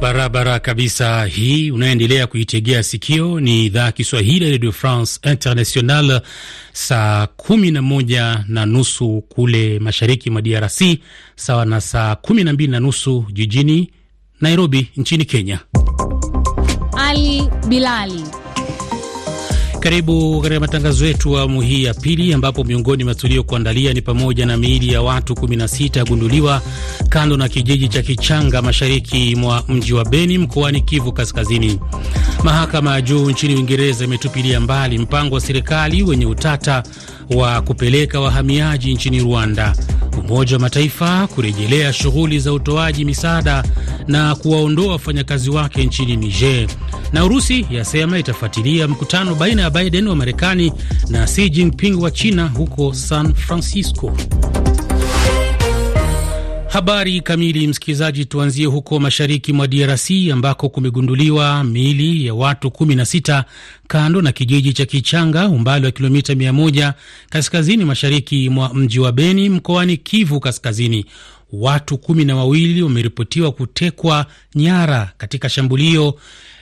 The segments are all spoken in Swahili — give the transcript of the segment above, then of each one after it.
Barabara kabisa. Hii unayoendelea kuitegea sikio ni idhaa Kiswahili ya Radio France International. Saa kumi na moja na nusu kule mashariki mwa DRC, sawa na saa kumi na mbili na nusu jijini Nairobi nchini Kenya. Ali Bilali karibu katika matangazo yetu awamu hii ya pili, ambapo miongoni mwa tuliokuandalia ni pamoja na miili ya watu 16 gunduliwa kando na kijiji cha Kichanga mashariki mwa mji wa Beni mkoani Kivu Kaskazini. Mahakama ya juu nchini Uingereza imetupilia mbali mpango wa serikali wenye utata wa kupeleka wahamiaji nchini Rwanda. Umoja wa Mataifa kurejelea shughuli za utoaji misaada na kuwaondoa wafanyakazi wake nchini Niger. Na Urusi yasema itafuatilia mkutano baina ya Biden wa Marekani na Xi Jinping wa China huko San Francisco. Habari kamili, msikilizaji. Tuanzie huko mashariki mwa DRC ambako kumegunduliwa miili ya watu 16 kando na kijiji cha Kichanga, umbali wa kilomita 100 kaskazini mashariki mwa mji wa Beni mkoani Kivu Kaskazini watu kumi na wawili wameripotiwa kutekwa nyara katika shambulio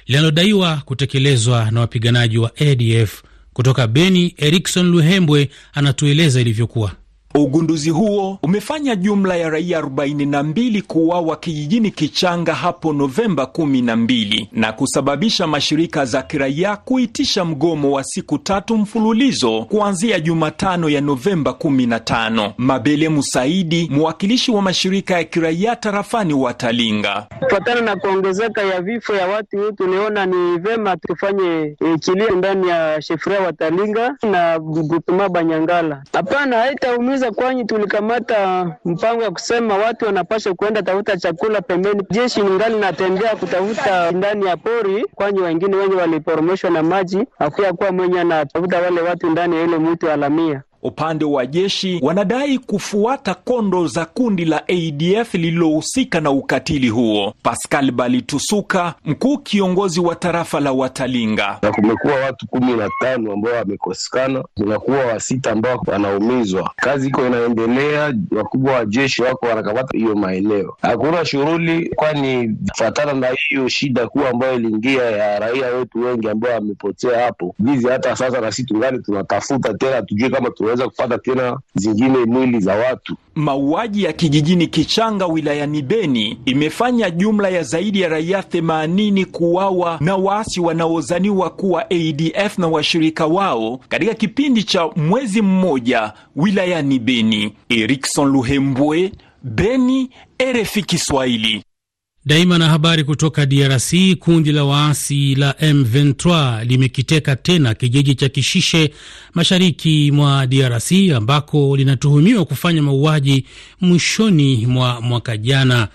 linalodaiwa kutekelezwa na wapiganaji wa ADF kutoka Beni. Erikson Luhembwe anatueleza ilivyokuwa. Ugunduzi huo umefanya jumla ya raia 42 kuuawa kijijini Kichanga hapo Novemba 12 na kusababisha mashirika za kiraia kuitisha mgomo wa siku tatu mfululizo kuanzia Jumatano ya Novemba 15. Mabele Musaidi, mwakilishi wa mashirika ya kiraia tarafani Watalinga: kufatana na kuongezeka ya vifo ya watu wetu, tuliona ni vema tufanye e, kilio ndani ya shefuria Watalinga na Bugutuma Banyangala. Hapana, haitaumiza kwanza kwanyi tulikamata mpango ya kusema watu wanapaswa kwenda tafuta chakula pembeni. Jeshi ningali natembea kutafuta ndani ya pori, kwanyi wengine wenye waliporomoshwa na maji, akuya kuwa mwenye anatafuta wale watu ndani ya ile mwitu alamia Upande wa jeshi wanadai kufuata kondo za kundi la ADF lililohusika na ukatili huo. Pascal Balitusuka, mkuu kiongozi wa tarafa la Watalinga: na kumekuwa watu kumi na tano ambao wamekosekana, kunakuwa wasita ambao wanaumizwa. Kazi iko inaendelea, wakubwa wa jeshi wako wanakamata hiyo maeneo, hakuna shughuli, kwani fatana na hiyo shida kuwa ambayo iliingia ya raia wetu wengi ambao wamepotea hapo vizi. Hata sasa na sisi tungali tunatafuta tena, tujue kama tuna tunaweza kupata tena zingine mwili za watu. Mauaji ya kijijini Kichanga wilayani Beni imefanya jumla ya zaidi ya raia themanini kuuawa na waasi wanaozaniwa kuwa ADF na washirika wao katika kipindi cha mwezi mmoja wilayani Beni. Erikson Luhembwe, Beni, RFI Kiswahili. Daima na habari kutoka DRC. Kundi la waasi la M23 limekiteka tena kijiji cha Kishishe mashariki mwa DRC ambako linatuhumiwa kufanya mauaji mwishoni mwa mwaka jana.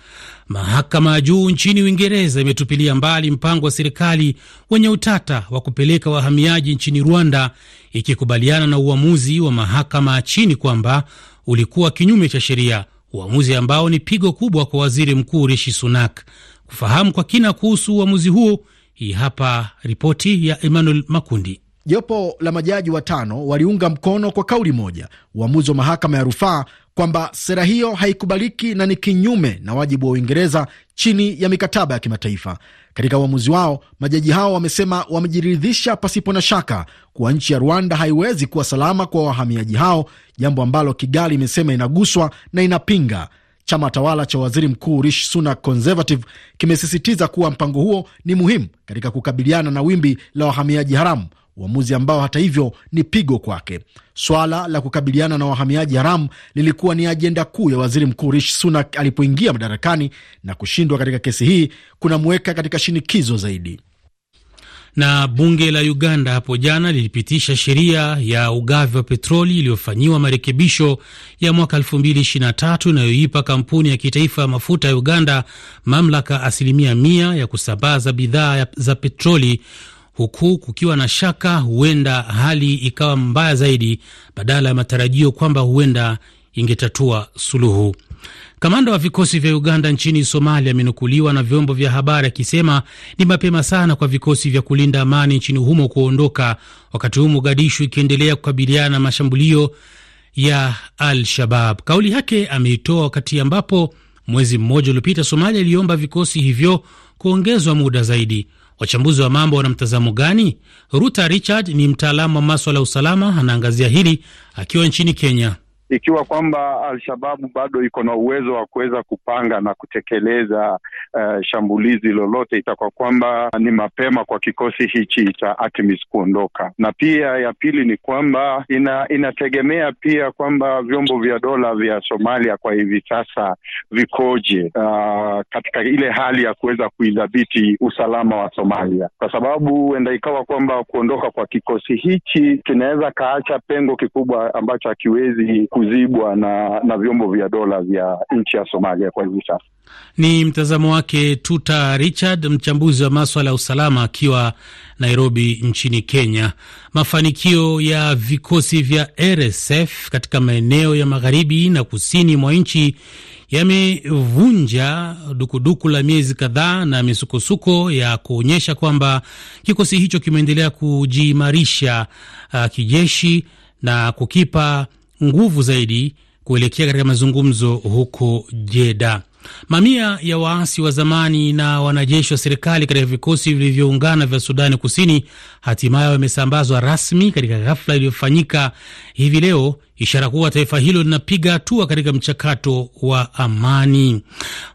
Mahakama ya juu nchini Uingereza imetupilia mbali mpango wa serikali wenye utata wa kupeleka wahamiaji nchini Rwanda, ikikubaliana na uamuzi wa mahakama ya chini kwamba ulikuwa kinyume cha sheria uamuzi ambao ni pigo kubwa kwa waziri mkuu Rishi Sunak. Kufahamu kwa kina kuhusu uamuzi huo, hii hapa ripoti ya Emmanuel Makundi. Jopo la majaji watano waliunga mkono kwa kauli moja uamuzi wa mahakama ya rufaa kwamba sera hiyo haikubaliki na ni kinyume na wajibu wa Uingereza chini ya mikataba ya kimataifa. Katika uamuzi wao, majaji hao wamesema wamejiridhisha pasipo na shaka kuwa nchi ya Rwanda haiwezi kuwa salama kwa wahamiaji hao, jambo ambalo Kigali imesema inaguswa na inapinga. Chama tawala cha waziri mkuu Rishi Sunak Conservative kimesisitiza kuwa mpango huo ni muhimu katika kukabiliana na wimbi la wahamiaji haramu, uamuzi ambao hata hivyo ni pigo kwake. Swala la kukabiliana na wahamiaji haramu lilikuwa ni ajenda kuu ya waziri mkuu Rishi Sunak alipoingia madarakani, na kushindwa katika kesi hii kunamweka katika shinikizo zaidi. Na bunge la Uganda hapo jana lilipitisha sheria ya ugavi wa petroli iliyofanyiwa marekebisho ya mwaka 2023 inayoipa kampuni ya kitaifa ya mafuta ya Uganda mamlaka asilimia mia ya kusambaza bidhaa za petroli, huku kukiwa na shaka huenda hali ikawa mbaya zaidi badala ya matarajio kwamba huenda ingetatua suluhu. Kamanda wa vikosi vya Uganda nchini Somalia amenukuliwa na vyombo vya habari akisema ni mapema sana kwa vikosi vya kulinda amani nchini humo kuondoka, wakati huu Mogadishu ikiendelea kukabiliana na mashambulio ya Al-Shabab. Kauli yake ameitoa wakati ambapo mwezi mmoja uliopita Somalia iliomba vikosi hivyo kuongezwa muda zaidi. Wachambuzi wa mambo wana mtazamo gani? Ruta Richard ni mtaalamu wa maswala ya usalama, anaangazia hili akiwa nchini Kenya ikiwa kwamba Alshababu bado iko na uwezo wa kuweza kupanga na kutekeleza uh, shambulizi lolote, itakuwa kwamba ni mapema kwa kikosi hichi cha ATMIS kuondoka. Na pia ya pili ni kwamba ina, inategemea pia kwamba vyombo vya dola vya Somalia kwa hivi sasa vikoje, uh, katika ile hali ya kuweza kuidhibiti usalama wa Somalia, kwa sababu huenda ikawa kwamba kuondoka kwa kikosi hichi kinaweza kaacha pengo kikubwa ambacho hakiwezi kuzibwa na, na vyombo vya dola vya nchi ya Somalia kwa hivi sasa. Ni mtazamo wake Tuta Richard, mchambuzi wa maswala ya usalama, akiwa Nairobi nchini Kenya. Mafanikio ya vikosi vya RSF katika maeneo ya magharibi na kusini mwa nchi yamevunja dukuduku la miezi kadhaa na misukosuko ya kuonyesha kwamba kikosi hicho kimeendelea kujiimarisha uh, kijeshi na kukipa nguvu zaidi kuelekea katika mazungumzo huko Jeda. Mamia ya waasi wa zamani na wanajeshi wa serikali katika vikosi vilivyoungana vya Sudani Kusini hatimaye wamesambazwa rasmi katika ghafla iliyofanyika hivi leo, ishara kuwa taifa hilo linapiga hatua katika mchakato wa amani.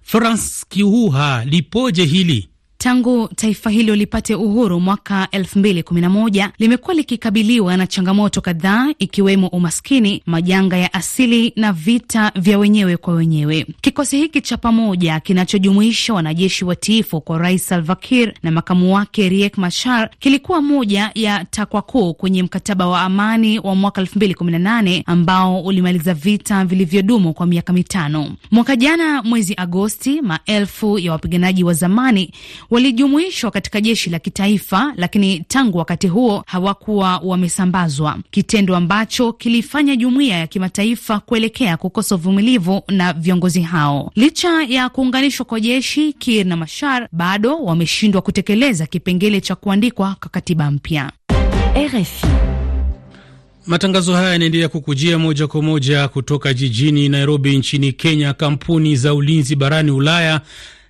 Florence Kihuha lipoje hili? tangu taifa hilo lipate uhuru mwaka 2011 limekuwa likikabiliwa na changamoto kadhaa ikiwemo umaskini, majanga ya asili na vita vya wenyewe kwa wenyewe. Kikosi hiki cha pamoja kinachojumuisha wanajeshi watiifu kwa Rais Salva Kiir na makamu wake Riek Machar kilikuwa moja ya takwa kuu kwenye mkataba wa amani wa mwaka 2018 ambao ulimaliza vita vilivyodumu kwa miaka mitano. Mwaka jana mwezi Agosti, maelfu ya wapiganaji wa zamani walijumuishwa katika jeshi la kitaifa, lakini tangu wakati huo hawakuwa wamesambazwa, kitendo ambacho kilifanya jumuiya ya kimataifa kuelekea kukosa uvumilivu na viongozi hao. Licha ya kuunganishwa kwa jeshi, Kiir na Machar bado wameshindwa kutekeleza kipengele cha kuandikwa kwa katiba mpya. Matangazo haya yanaendelea kukujia moja kwa moja kutoka jijini Nairobi nchini Kenya. Kampuni za ulinzi barani Ulaya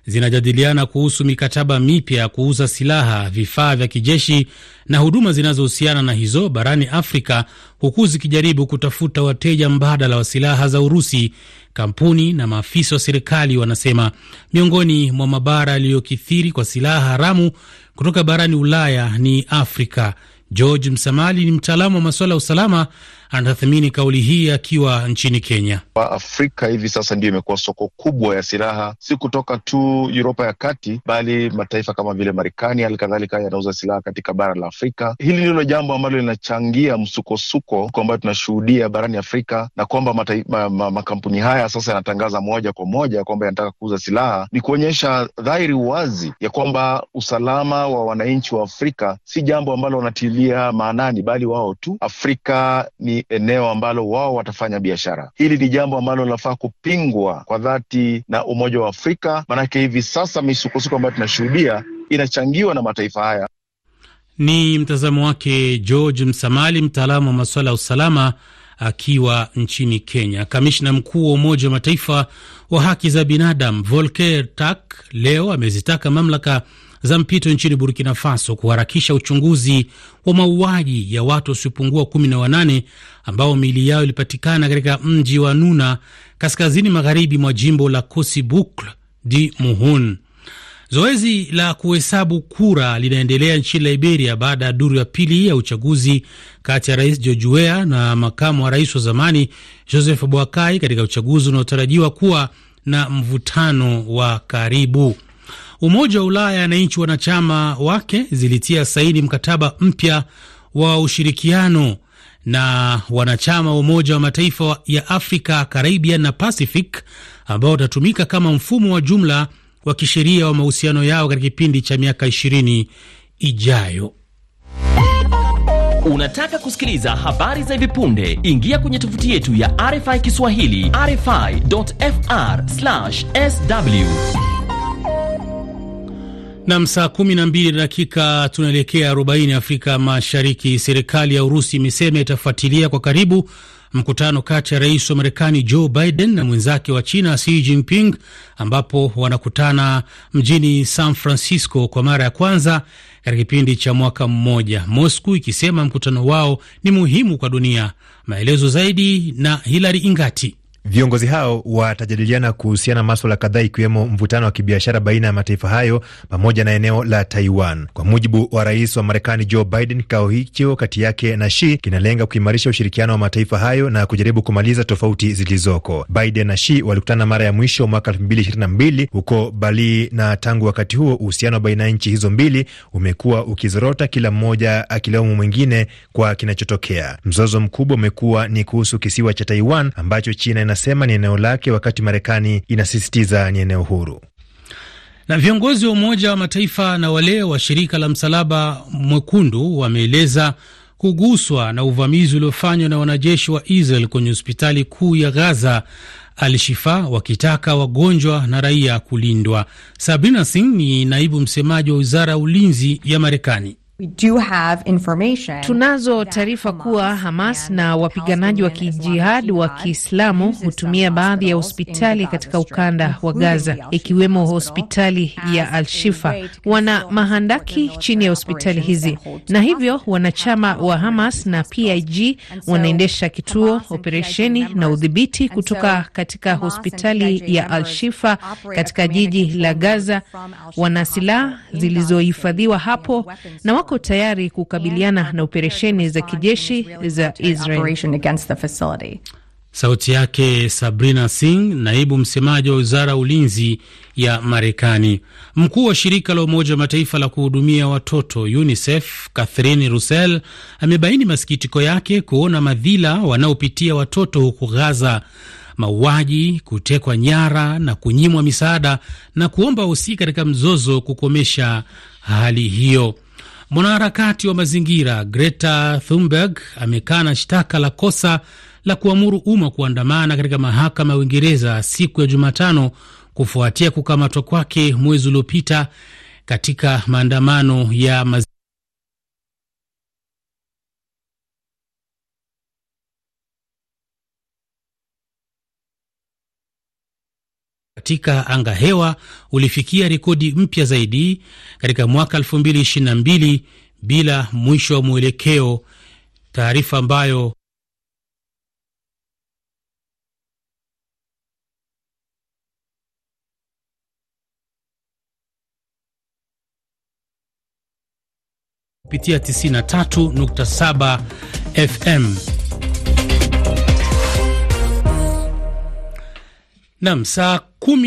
zinajadiliana kuhusu mikataba mipya ya kuuza silaha, vifaa vya kijeshi na huduma zinazohusiana na hizo barani Afrika, huku zikijaribu kutafuta wateja mbadala wa silaha za Urusi. Kampuni na maafisa wa serikali wanasema miongoni mwa mabara yaliyokithiri kwa silaha haramu kutoka barani Ulaya ni Afrika. George Msamali ni mtaalamu wa masuala ya usalama anatathmini kauli hii akiwa nchini Kenya. Afrika hivi sasa ndio imekuwa soko kubwa ya silaha, si kutoka tu Uropa ya kati, bali mataifa kama vile Marekani hali kadhalika yanauza silaha katika bara la Afrika. Hili ndilo jambo ambalo linachangia msukosuko ambayo tunashuhudia barani Afrika, na kwamba ma, ma, makampuni haya sasa yanatangaza moja kwa moja kwamba yanataka kuuza silaha, ni kuonyesha dhahiri wazi ya kwamba usalama wa wananchi wa Afrika si jambo ambalo wanatilia maanani, bali wao tu Afrika ni eneo ambalo wao watafanya biashara. Hili ni jambo ambalo linafaa kupingwa kwa dhati na Umoja wa Afrika, maanake hivi sasa misukosuko ambayo tunashuhudia inachangiwa na mataifa haya. Ni mtazamo wake George Msamali, mtaalamu wa masuala ya usalama akiwa nchini Kenya. Kamishna mkuu wa Umoja wa Mataifa wa haki za binadamu Volker Turk leo amezitaka mamlaka za mpito nchini Burkina Faso kuharakisha uchunguzi wa mauaji ya watu wasiopungua kumi na wanane ambao miili yao ilipatikana katika mji wa Nuna kaskazini magharibi mwa jimbo la Kosi Bukle di Muhun. Zoezi la kuhesabu kura linaendelea nchini Liberia baada ya duru ya pili ya uchaguzi kati ya rais George Weah na makamu wa rais wa zamani Joseph Boakai katika uchaguzi unaotarajiwa kuwa na mvutano wa karibu. Umoja wa Ulaya na nchi wanachama wake zilitia saini mkataba mpya wa ushirikiano na wanachama wa Umoja wa Mataifa ya Afrika, Caribbean na Pacific ambao utatumika kama mfumo wa jumla wa kisheria wa mahusiano yao katika kipindi cha miaka 20 ijayo. Unataka kusikiliza habari za hivi punde? Ingia kwenye tovuti yetu ya RFI Kiswahili, rfi.fr/sw. Nam, saa kumi na mbili na dakika tunaelekea arobaini Afrika Mashariki. Serikali ya Urusi imesema itafuatilia kwa karibu mkutano kati ya rais wa Marekani Joe Biden na mwenzake wa China Xi Jinping, ambapo wanakutana mjini San Francisco kwa mara ya kwanza katika kipindi cha mwaka mmoja, Moscow ikisema mkutano wao ni muhimu kwa dunia. Maelezo zaidi na Hilary Ingati. Viongozi hao watajadiliana kuhusiana maswala kadhaa ikiwemo mvutano wa kibiashara baina ya mataifa hayo pamoja na eneo la Taiwan. Kwa mujibu wa rais wa Marekani Joe Biden, kikao hicho kati yake na shi kinalenga kuimarisha ushirikiano wa mataifa hayo na kujaribu kumaliza tofauti zilizoko. Biden na Shi walikutana mara ya mwisho mwaka 2022 huko Bali, na tangu wakati huo uhusiano wa baina ya nchi hizo mbili umekuwa ukizorota, kila mmoja akilaumu mwingine kwa kinachotokea. Mzozo mkubwa umekuwa ni kuhusu kisiwa cha Taiwan ambacho China anasema ni eneo lake, wakati Marekani inasisitiza ni eneo huru. Na viongozi wa Umoja wa Mataifa na wale wa shirika la Msalaba Mwekundu wameeleza kuguswa na uvamizi uliofanywa na wanajeshi wa Israel kwenye hospitali kuu ya Gaza Al-Shifa, wakitaka wagonjwa na raia kulindwa. Sabrina Singh ni naibu msemaji wa wizara ya ulinzi ya Marekani. We do have information. Tunazo taarifa kuwa Hamas na wapiganaji wa kijihadi wa Kiislamu hutumia baadhi ya hospitali katika ukanda wa Gaza, ikiwemo hospitali ya Al-Shifa. Wana mahandaki chini ya hospitali hizi, na hivyo wanachama wa Hamas na PIG wanaendesha kituo, operesheni na udhibiti kutoka katika hospitali ya Al-Shifa katika jiji la Gaza. Wana silaha zilizohifadhiwa hapo na wako tayari kukabiliana na operesheni za kijeshi za Israel. Sauti yake Sabrina Singh, naibu msemaji wa wizara ya ulinzi ya Marekani. Mkuu wa shirika la Umoja wa Mataifa la kuhudumia watoto UNICEF Catherine Russell amebaini masikitiko yake kuona madhila wanaopitia watoto huku Gaza: mauaji, kutekwa nyara na kunyimwa misaada, na kuomba wahusika katika mzozo kukomesha hali hiyo. Mwanaharakati wa mazingira Greta Thunberg amekana shtaka la kosa la kuamuru umma kuandamana katika mahakama ya Uingereza siku ya Jumatano kufuatia kukamatwa kwake mwezi uliopita katika maandamano ya katika anga hewa ulifikia rekodi mpya zaidi katika mwaka 2022 bila mwisho wa mwelekeo, taarifa ambayo kupitia 93.7 FM. Nam, saa cume